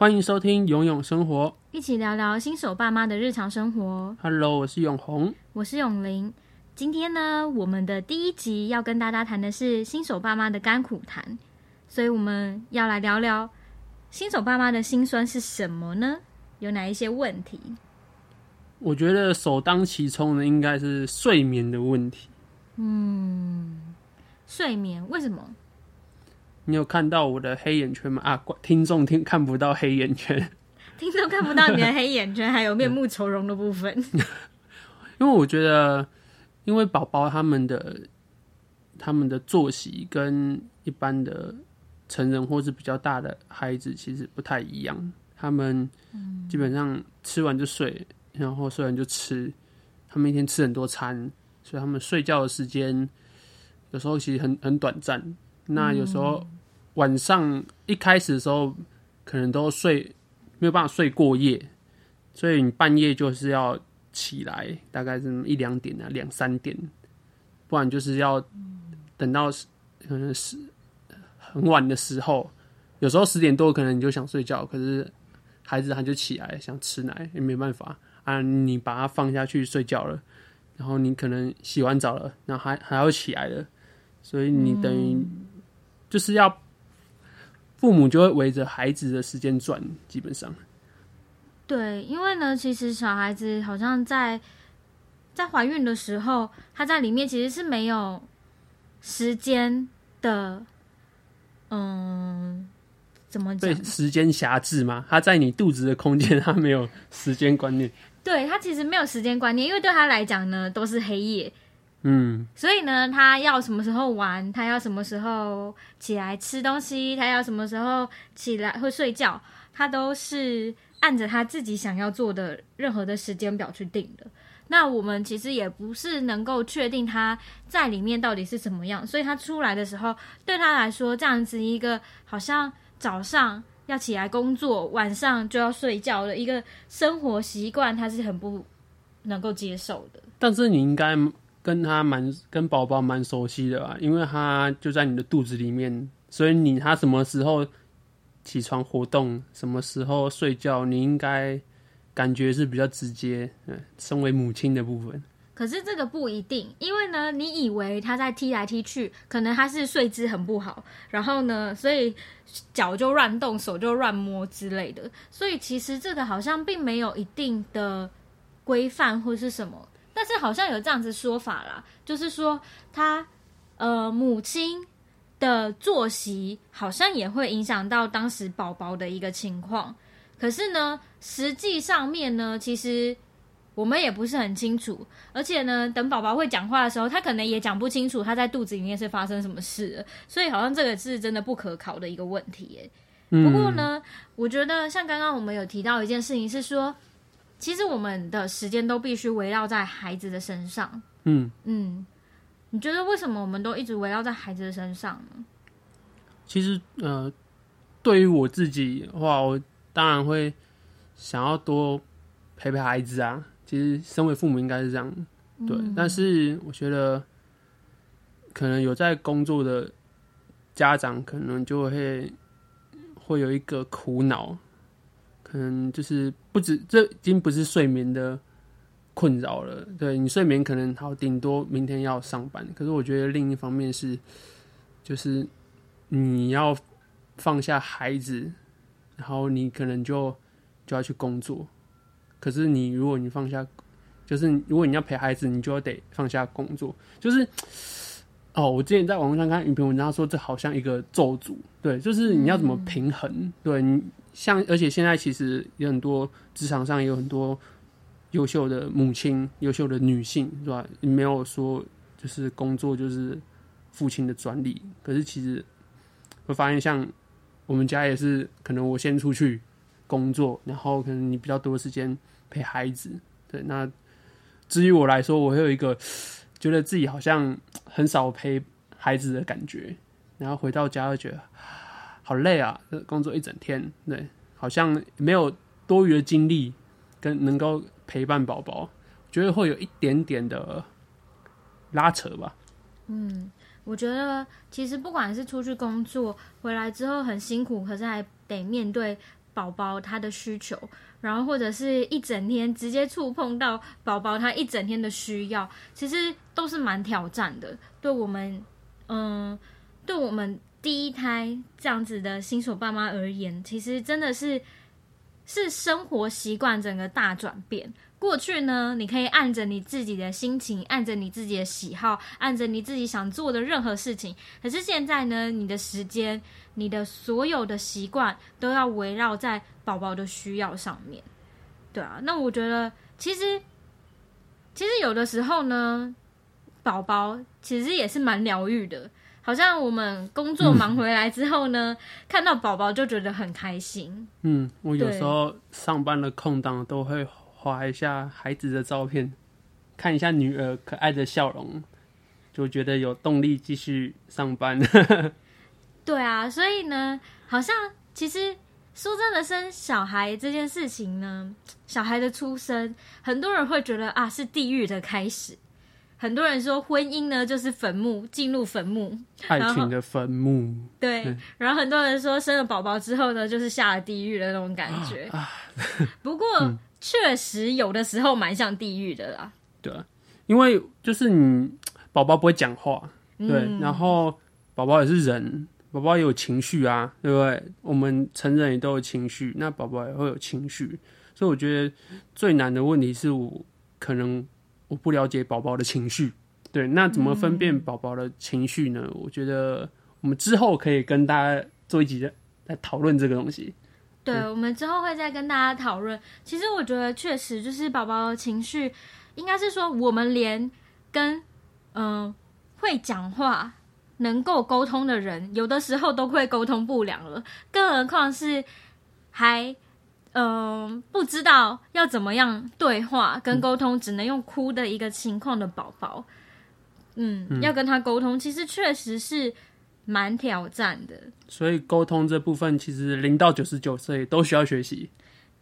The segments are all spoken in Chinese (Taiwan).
歡迎收聽《永詠生活》，一起聊聊新手爸媽的日常生活。Hello，我是永紅，我是永玲。今天呢，我們的第一集要跟大家談的是新手爸媽的甘苦談，所以我們要來聊聊新手爸媽的心酸是什麼呢？有哪一些問題？我覺得首當其衝的應該是睡眠的問題。嗯，睡眠為什麼？你有看到我的黑眼圈嗎？啊，聽眾聽看不到黑眼圈，聽眾看不到你的黑眼圈， 還有面目愁容的部分。因為我覺得，因為寶寶他們的他們的作息跟一般的成人或是比較大的孩子其實不太一樣。他們基本上吃完就睡，然後睡完就吃。他們一天吃很多餐，所以他們睡覺的時間有時候其實很很短暫。那有時候。晚上一開始的時候，可能都睡沒有辦法睡過夜，所以你半夜就是要起來，大概是一兩點啊，兩三點，不然就是要等到可能十很晚的時候，有時候十點多可能你就想睡覺，可是孩子他就起來想吃奶，也沒辦法啊。你把他放下去睡覺了，然後你可能洗完澡了，那還還要起來的，所以你等於就是要。父母就會圍着孩子的時間轉，基本上。對，因為呢，其實小孩子好像在在懷孕的時候，他在裡面其實是沒有時間的。嗯，怎麼講？時間狹制嗎？他在你肚子的空間，他沒有時間觀念。對，他其實沒有時間觀念，因為對他來講呢，都是黑夜。嗯，所以呢，他要什麼時候玩，他要什麼時候起來吃東西，他要什麼時候起來會睡覺，他都是按着他自己想要做的任何的時間表去定的。那我們其實也不是能夠確定他在裡面到底是怎麼樣，所以他出來的時候，對他來說，這樣子一個好像早上要起來工作，晚上就要睡覺的一個生活習慣，他是很不能夠接受的。但是你應該……跟他蠻跟寶寶蠻熟悉的啊，因為他就在你的肚子裡面，所以你他什麼時候起床活動，什麼時候睡覺，你應該感覺是比較直接。嗯，身為母親的部分，可是這個不一定，因為呢，你以為他在踢來踢去，可能他是睡姿很不好，然後呢，所以腳就亂動，手就亂摸之類的，所以其實這個好像並沒有一定的規範或是什麼。但是好像有這樣子說法啦，就是說他呃母親的作息好像也會影響到當時寶寶的一個情況。可是呢，實際上面呢，其實我們也不是很清楚。而且呢，等寶寶會講話的時候，他可能也講不清楚他在肚子裡面是發生什麼事，所以好像這個是真的不可考的一個問題耶。不過呢，嗯、我覺得像剛剛我們有提到一件事情是說，其實我們的時間都必須圍繞在孩子的身上。嗯嗯，你覺得為什麼我們都一直圍繞在孩子的身上呢？其實，呃，對於我自己的話，我當然會想要多陪陪孩子啊。其實，身為父母應該是這樣，對。嗯、但是，我覺得可能有在工作的家長，可能就會會有一個苦惱。嗯，就是不止，這已經不是睡眠的困擾了。對，你睡眠可能好，頂多明天要上班。可是我覺得另一方面是，就是你要放下孩子，然後你可能就就要去工作。可是你如果你放下，就是如果你要陪孩子，你就要得放下工作。就是哦，我之前在網絡上看一篇文章說，這好像一個咒詛。對，就是你要怎麼平衡？嗯、對你。像，而且現在其實有很多職場上也有很多優秀的母親、優秀的女性，是吧？沒有說就是工作就是父親的專利。可是其實會發現，像我們家也是，可能我先出去工作，然後可能你比較多的時間陪孩子。對，那至於我來說，我會有一個覺得自己好像很少陪孩子的感覺，然後回到家就覺得。好累啊！工作一整天，對，好像沒有多餘的精力跟能夠陪伴寶寶，覺得會有一點點的拉扯吧。嗯，我覺得其實不管是出去工作回來之後很辛苦，可是還得面對寶寶他的需求，然後或者是一整天直接觸碰到寶寶他一整天的需要，其實都是蠻挑戰的。對我們，嗯，對我們。第一胎這樣子的新手爸媽而言，其實真的是是生活習慣整個大轉變。過去呢，你可以按着你自己的心情，按着你自己的喜好，按着你自己想做的任何事情。可是現在呢，你的時間，你的所有的習慣都要圍繞在寶寶的需要上面。對啊，那我覺得其實其實有的時候呢，寶寶其實也是蠻療癒的。好像我們工作忙回來之後呢，嗯、看到寶寶就覺得很開心。嗯，我有時候上班的空檔都會滑一下孩子的照片，對看一下女兒可愛的笑容，就覺得有動力繼續上班。 對啊，所以呢，好像其實說真的，生小孩這件事情呢，小孩的出生，很多人會覺得啊，是地獄的開始。很多人說婚姻呢，就是墳墓，進入墳墓，愛情的墳墓。對，對然後很多人說生了寶寶之後呢，就是下了地獄的那種感覺。啊、不過、嗯、確實有的時候蠻像地獄的啦。對，因為就是你寶寶不會講話，對，嗯、然後寶寶也是人，寶寶也有情緒啊，對不對？我們成人也都有情緒，那寶寶也會有情緒，所以我覺得最難的問題是我可能。我不了解寶寶的情緒，對，那怎麼分辨寶寶的情緒呢？嗯、我覺得我們之後可以跟大家做一集的來討論這個東西。對，嗯、我們之後會再跟大家討論。其實我覺得確實就是寶寶的情緒，應該是說我們連跟嗯、呃、會講話、能夠溝通的人，有的時候都會溝通不良了，更何況是還。嗯、呃，不知道要怎麼樣對話跟溝通，嗯、只能用哭的一個情況的寶寶，嗯，嗯要跟他溝通，其實確實是蠻挑戰的。所以溝通這部分，其實零到九十九歲都需要學習。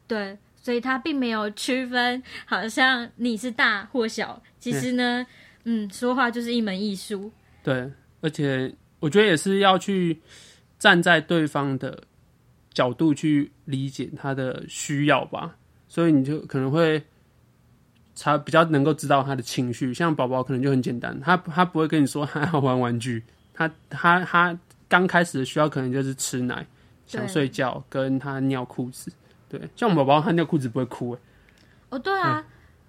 對，所以他並沒有區分，好像你是大或小。其實呢，欸、嗯，說話就是一門藝術。對，而且我覺得也是要去站在對方的。角度去理解他的需要吧，所以你就可能會才比較能夠知道他的情緒。像寶寶可能就很簡單，他他不會跟你說他要玩玩具，他他他剛開始的需要可能就是吃奶、對想睡覺、跟他尿褲子。對，像我們寶寶他尿褲子不會哭誒。哦，對啊，欸、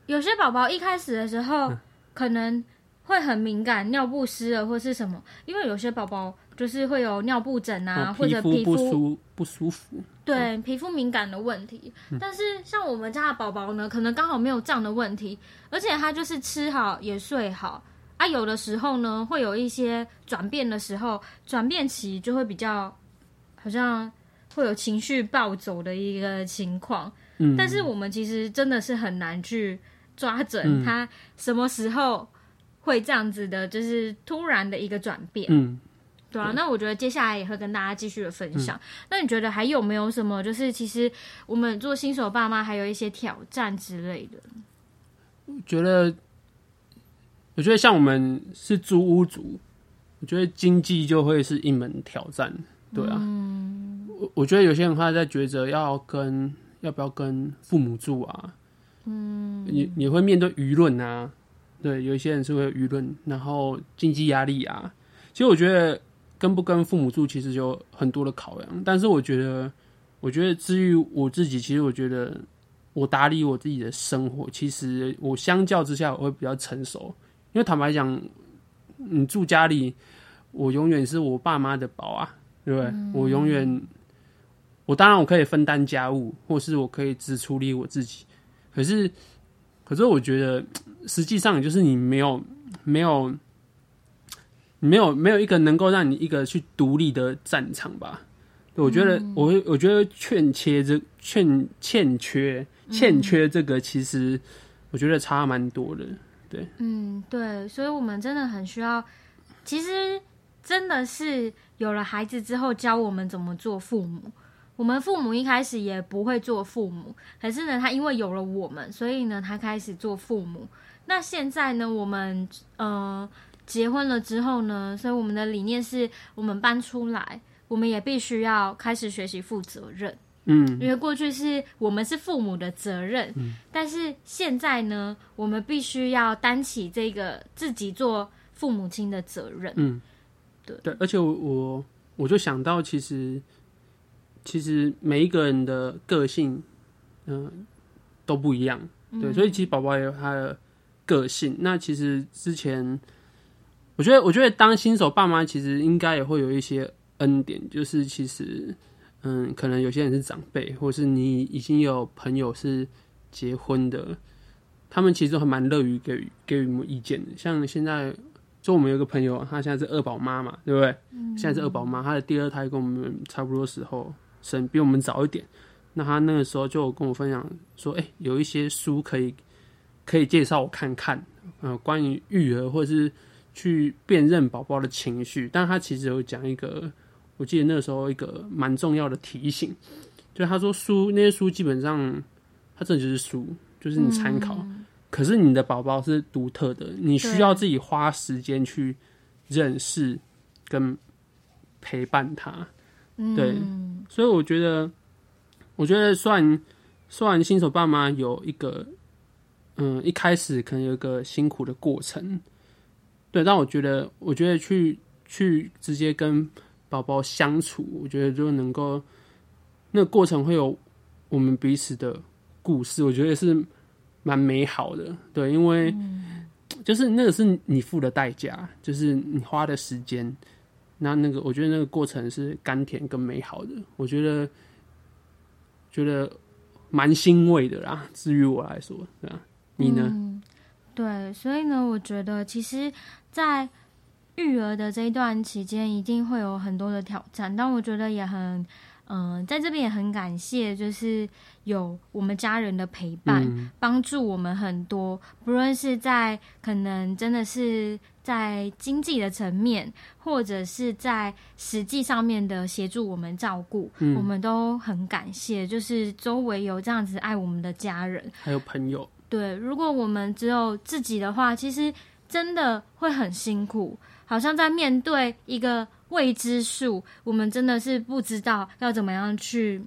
有些寶寶一開始的時候、啊、可能。會很敏感，尿不濕了或是什麼？因為有些寶寶就是會有尿布疹啊，或者、哦、皮膚不舒服。對皮膚敏感的問題，嗯、但是像我們家的寶寶呢，可能剛好沒有這樣的問題，而且他就是吃好也睡好啊。有的時候呢，會有一些轉變的時候，轉變期就會比較好像會有情緒暴走的一個情況。嗯、但是我們其實真的是很難去抓準他什麼時候、嗯。會這樣子的，就是突然的一個轉變，嗯，對啊。對。那我覺得接下來也會跟大家繼續的分享。嗯、那你覺得還有沒有什麼？就是其實我們做新手爸媽，還有一些挑戰之類的。我覺得，我覺得像我們是租屋族，我覺得經濟就會是一門挑戰，對啊。我、嗯、我覺得有些人他在抉擇要跟要不要跟父母住啊，嗯，你你會面對輿論啊。對，有一些人是會有輿論，然後經濟壓力啊。其實我覺得跟不跟父母住，其實有很多的考量。但是我覺得，我覺得至於我自己，其實我覺得我打理我自己的生活，其實我相較之下我會比較成熟。因為坦白講，你住家裡，我永遠是我爸媽的寶啊，對不對？嗯、我永遠，我當然我可以分擔家務，或是我可以只處理我自己，可是。可是我覺得，實際上就是你沒有、沒有、沒有、沒有一個能夠讓你一個去獨立的戰場吧？對，我覺得，嗯、我我覺得欠缺這、欠欠缺、欠缺這個，其實我覺得差蠻多的。對，嗯，對，所以我們真的很需要，其實真的是有了孩子之後，教我們怎麼做父母。我們父母一開始也不會做父母，可是呢，他因為有了我們，所以呢，他開始做父母。那現在呢，我們呃結婚了之後呢，所以我們的理念是我們搬出來，我們也必須要開始學習負責任。嗯，因為過去是我們是父母的責任，嗯，但是現在呢，我們必須要擔起這個自己做父母親的責任。嗯，對對，而且我我我就想到其實。其實每一個人的個性，嗯，都不一樣，對，嗯、所以其實寶寶也有他的個性。那其實之前，我覺得，我覺得當新手爸媽，其實應該也會有一些恩典，就是其實，嗯，可能有些人是長輩，或是你已經有朋友是結婚的，他們其實都還蠻樂於給給予我們意見的。像現在，就我們有個朋友，他現在是二寶媽嘛，對不對？嗯、現在是二寶媽，他的第二胎跟我們差不多時候。生比我們早一點，那他那個時候就跟我分享說：“哎、欸，有一些書可以可以介紹我看看，呃，關於育兒或是去辨認寶寶的情緒。”但他其實有講一個，我記得那個時候一個蠻重要的提醒，就他說書，那些書基本上他這，就是書，就是你參考，嗯、可是你的寶寶是獨特的，你需要自己花時間去認識跟陪伴他。對，所以我覺得，我覺得雖然雖然新手爸媽有一個，嗯，一開始可能有一個辛苦的過程，對，但我覺得，我覺得去去直接跟寶寶相處，我覺得就能夠，那個過程會有我們彼此的故事，我覺得也是蠻美好的，對，因為就是那個是你付的代價，就是你花的時間。那那個，我覺得那個過程是甘甜跟美好的，我覺得覺得蠻欣慰的啦。至於我來說，對吧？你呢？嗯，對，所以呢，我覺得其實，在育兒的這一段期間，一定會有很多的挑戰，但我覺得也很。嗯、呃，在這邊也很感謝，就是有我們家人的陪伴，嗯、幫助我們很多。不論是在可能真的是在經濟的層面，或者是在實際上面的協助我們照顧，嗯、我們都很感謝。就是周圍有這樣子愛我們的家人，還有朋友。對，如果我們只有自己的話，其實真的會很辛苦，好像在面對一個。未知數，我們真的是不知道要怎麼樣去，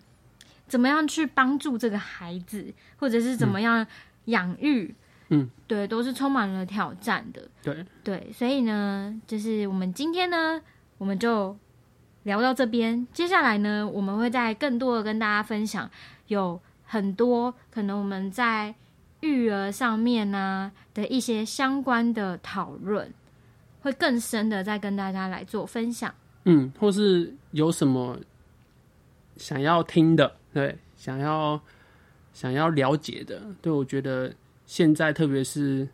怎麼樣去幫助這個孩子，或者是怎麼樣養育，嗯，對，都是充滿了挑戰的。對、嗯，對，所以呢，就是我們今天呢，我們就聊到這邊，接下來呢，我們會再更多的跟大家分享，有很多可能我們在育兒上面呢、啊、的一些相關的討論。會更深的再跟大家來做分享，嗯，或是有什麼想要聽的，對，想要想要了解的，對，我覺得現在特別是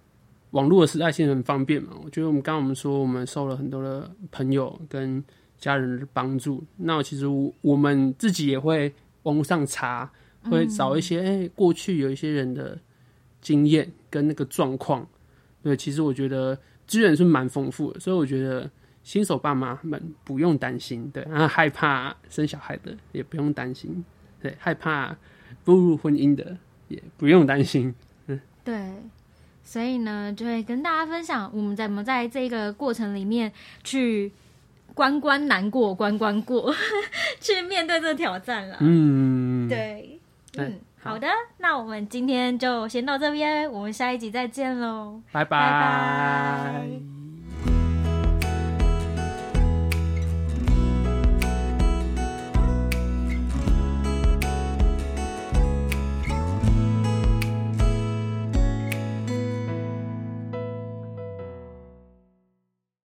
網絡的時代，現在很方便嘛。我覺得我們剛剛我們說，我們受了很多的朋友跟家人的幫助，那其實我們自己也會網上查，嗯、會找一些哎、欸、過去有一些人的經驗跟那個狀況，對，其實我覺得。資源是蠻豐富的，所以我覺得新手爸媽們不用擔心，對，然後害怕生小孩的也不用擔心，對，害怕步入婚姻的也不用擔心，嗯，對，所以呢，就會跟大家分享，我們怎麼在這個過程裡面去關關難過關關過， 去面對這個挑戰了，嗯，對，嗯。好的，好，那我們今天就先到這邊，我們下一集再見嘍，拜拜。拜拜。